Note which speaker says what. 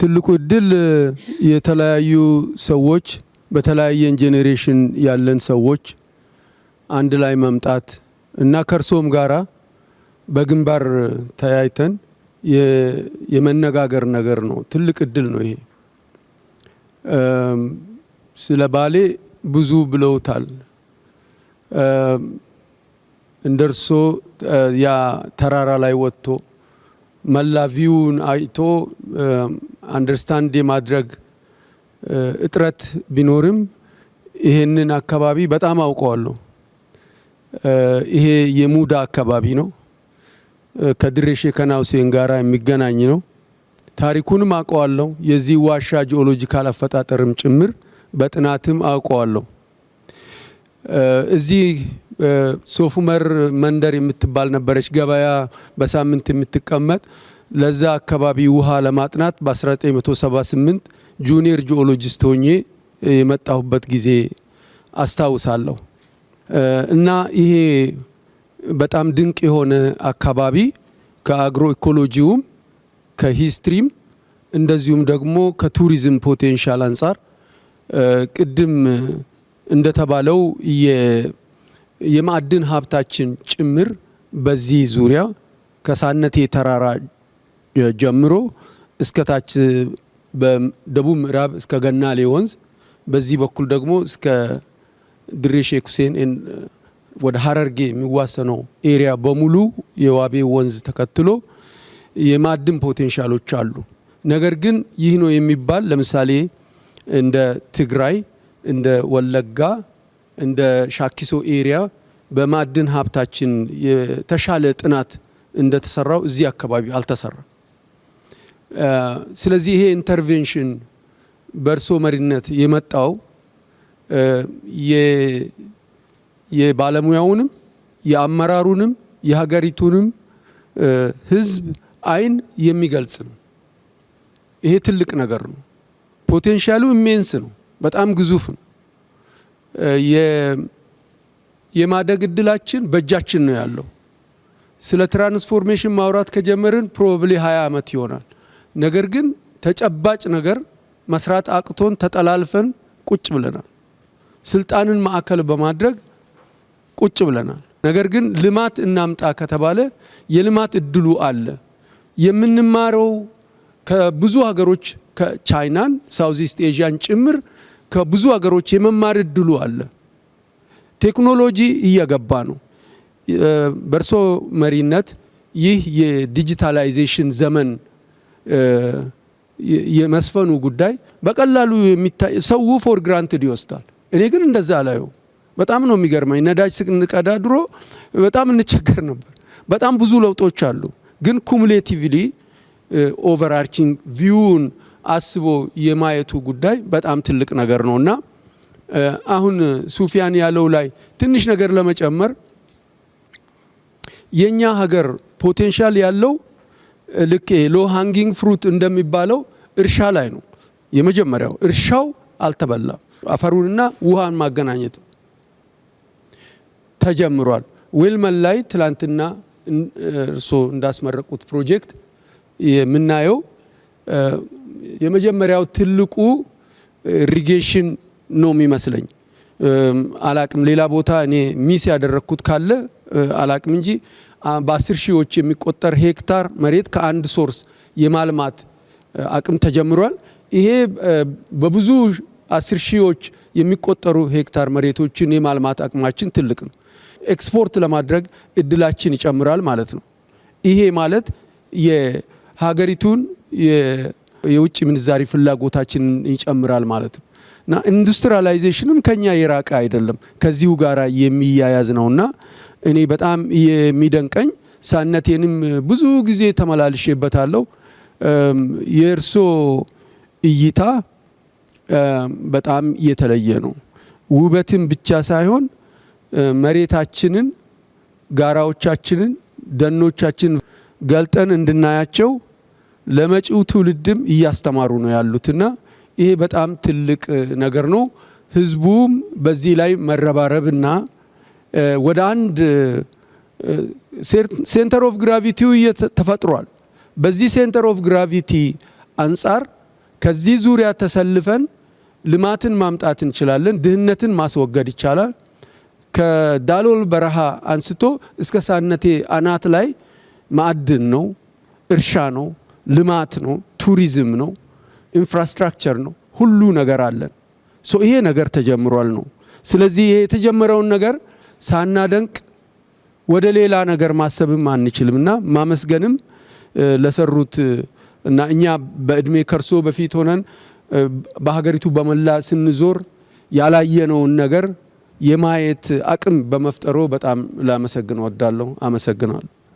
Speaker 1: ትልቁ እድል የተለያዩ ሰዎች በተለያየን ጄኔሬሽን ያለን ሰዎች አንድ ላይ መምጣት እና ከእርሶም ጋራ በግንባር ተያይተን የመነጋገር ነገር ነው። ትልቅ እድል ነው ይሄ። ስለ ባሌ ብዙ ብለውታል። እንደርሶ ያ ተራራ ላይ ወጥቶ መላቪውን አይቶ አንደርስታንድ የማድረግ እጥረት ቢኖርም ይሄንን አካባቢ በጣም አውቀዋለሁ። ይሄ የሙዳ አካባቢ ነው። ከድሬሼ ከናውሴን ጋራ ጋር የሚገናኝ ነው። ታሪኩንም አውቀዋለሁ። የዚህ ዋሻ ጂኦሎጂካል አፈጣጠርም ጭምር በጥናትም አውቀዋለሁ። እዚህ ሶፉመር መንደር የምትባል ነበረች ገበያ በሳምንት የምትቀመጥ ለዛ አካባቢ ውሃ ለማጥናት በ1978 ጁኒየር ጂኦሎጂስት ሆኜ የመጣሁበት ጊዜ አስታውሳለሁ። እና ይሄ በጣም ድንቅ የሆነ አካባቢ ከአግሮ ኢኮሎጂውም ከሂስትሪም እንደዚሁም ደግሞ ከቱሪዝም ፖቴንሻል አንጻር ቅድም እንደተባለው የማዕድን ሀብታችን ጭምር በዚህ ዙሪያ ከሳነቴ ተራራ ጀምሮ እስከታች በደቡብ ምዕራብ እስከ ገናሌ ወንዝ በዚህ በኩል ደግሞ እስከ ድሬ ሼክ ሁሴን ወደ ሀረርጌ የሚዋሰነው ኤሪያ በሙሉ የዋቤ ወንዝ ተከትሎ የማዕድን ፖቴንሻሎች አሉ። ነገር ግን ይህ ነው የሚባል ለምሳሌ እንደ ትግራይ እንደ ወለጋ እንደ ሻኪሶ ኤሪያ በማዕድን ሀብታችን የተሻለ ጥናት እንደተሰራው እዚህ አካባቢ አልተሰራም። ስለዚህ ይሄ ኢንተርቬንሽን በእርሶ መሪነት የመጣው የባለሙያውንም የአመራሩንም የሀገሪቱንም ሕዝብ አይን የሚገልጽ ነው። ይሄ ትልቅ ነገር ነው። ፖቴንሻሉ ኢሜንስ ነው። በጣም ግዙፍ ነው። የማደግ እድላችን በእጃችን ነው ያለው። ስለ ትራንስፎርሜሽን ማውራት ከጀመርን ፕሮባብሊ 20 ዓመት ይሆናል። ነገር ግን ተጨባጭ ነገር መስራት አቅቶን ተጠላልፈን ቁጭ ብለናል። ስልጣንን ማዕከል በማድረግ ቁጭ ብለናል። ነገር ግን ልማት እናምጣ ከተባለ የልማት እድሉ አለ። የምንማረው ከብዙ ሀገሮች ከቻይናን፣ ሳውዚስት ኤዥያን ጭምር ከብዙ ሀገሮች የመማር እድሉ አለ። ቴክኖሎጂ እየገባ ነው። በእርሶ መሪነት ይህ የዲጂታላይዜሽን ዘመን የመስፈኑ ጉዳይ በቀላሉ የሚታይ ሰው ፎር ግራንትድ ይወስዳል። እኔ ግን እንደዛ አላየው። በጣም ነው የሚገርመኝ። ነዳጅ ስንቀዳ ድሮ በጣም እንቸገር ነበር። በጣም ብዙ ለውጦች አሉ፣ ግን ኩሙሌቲቭሊ ኦቨርአርቺንግ ቪውን አስቦ የማየቱ ጉዳይ በጣም ትልቅ ነገር ነው እና አሁን ሱፊያን ያለው ላይ ትንሽ ነገር ለመጨመር የኛ ሀገር ፖቴንሻል ያለው ልክ ሎ ሃንጊንግ ፍሩት እንደሚባለው እርሻ ላይ ነው። የመጀመሪያው እርሻው አልተበላም። አፈሩንና ውሃን ማገናኘት ተጀምሯል። ዌልመን ላይ ትላንትና እርስ እንዳስመረቁት ፕሮጀክት የምናየው የመጀመሪያው ትልቁ ኢሪጌሽን ነው የሚመስለኝ። አላቅም ሌላ ቦታ እኔ ሚስ ያደረግኩት ካለ አላቅም እንጂ በአስር ሺዎች የሚቆጠር ሄክታር መሬት ከአንድ ሶርስ የማልማት አቅም ተጀምሯል። ይሄ በብዙ አስር ሺዎች የሚቆጠሩ ሄክታር መሬቶችን የማልማት አቅማችን ትልቅ ነው። ኤክስፖርት ለማድረግ እድላችን ይጨምራል ማለት ነው። ይሄ ማለት የሀገሪቱን የውጭ ምንዛሪ ፍላጎታችንን ይጨምራል ማለት ነው እና ኢንዱስትሪላይዜሽንም ከኛ የራቀ አይደለም ከዚሁ ጋር የሚያያዝ ነው እና እኔ በጣም የሚደንቀኝ ሳነቴንም ብዙ ጊዜ ተመላልሼበታለሁ። የእርሶ እይታ በጣም የተለየ ነው። ውበትን ብቻ ሳይሆን መሬታችንን፣ ጋራዎቻችንን፣ ደኖቻችን ገልጠን እንድናያቸው ለመጪው ትውልድም እያስተማሩ ነው ያሉትና ይሄ በጣም ትልቅ ነገር ነው። ህዝቡም በዚህ ላይ መረባረብና ወደ አንድ ሴንተር ኦፍ ግራቪቲው ተፈጥሯል። በዚህ ሴንተር ኦፍ ግራቪቲ አንጻር ከዚህ ዙሪያ ተሰልፈን ልማትን ማምጣት እንችላለን። ድህነትን ማስወገድ ይቻላል። ከዳሎል በረሃ አንስቶ እስከ ሳነቴ አናት ላይ ማዕድን ነው፣ እርሻ ነው። ልማት ነው፣ ቱሪዝም ነው፣ ኢንፍራስትራክቸር ነው፣ ሁሉ ነገር አለን። ይሄ ነገር ተጀምሯል ነው። ስለዚህ ይሄ የተጀመረውን ነገር ሳናደንቅ ወደ ሌላ ነገር ማሰብም አንችልም እና ማመስገንም ለሰሩት እና እኛ በእድሜ ከርሶ በፊት ሆነን በሀገሪቱ በመላ ስንዞር ያላየነውን ነገር የማየት አቅም በመፍጠሮ በጣም ላመሰግን ወዳለሁ። አመሰግናለሁ።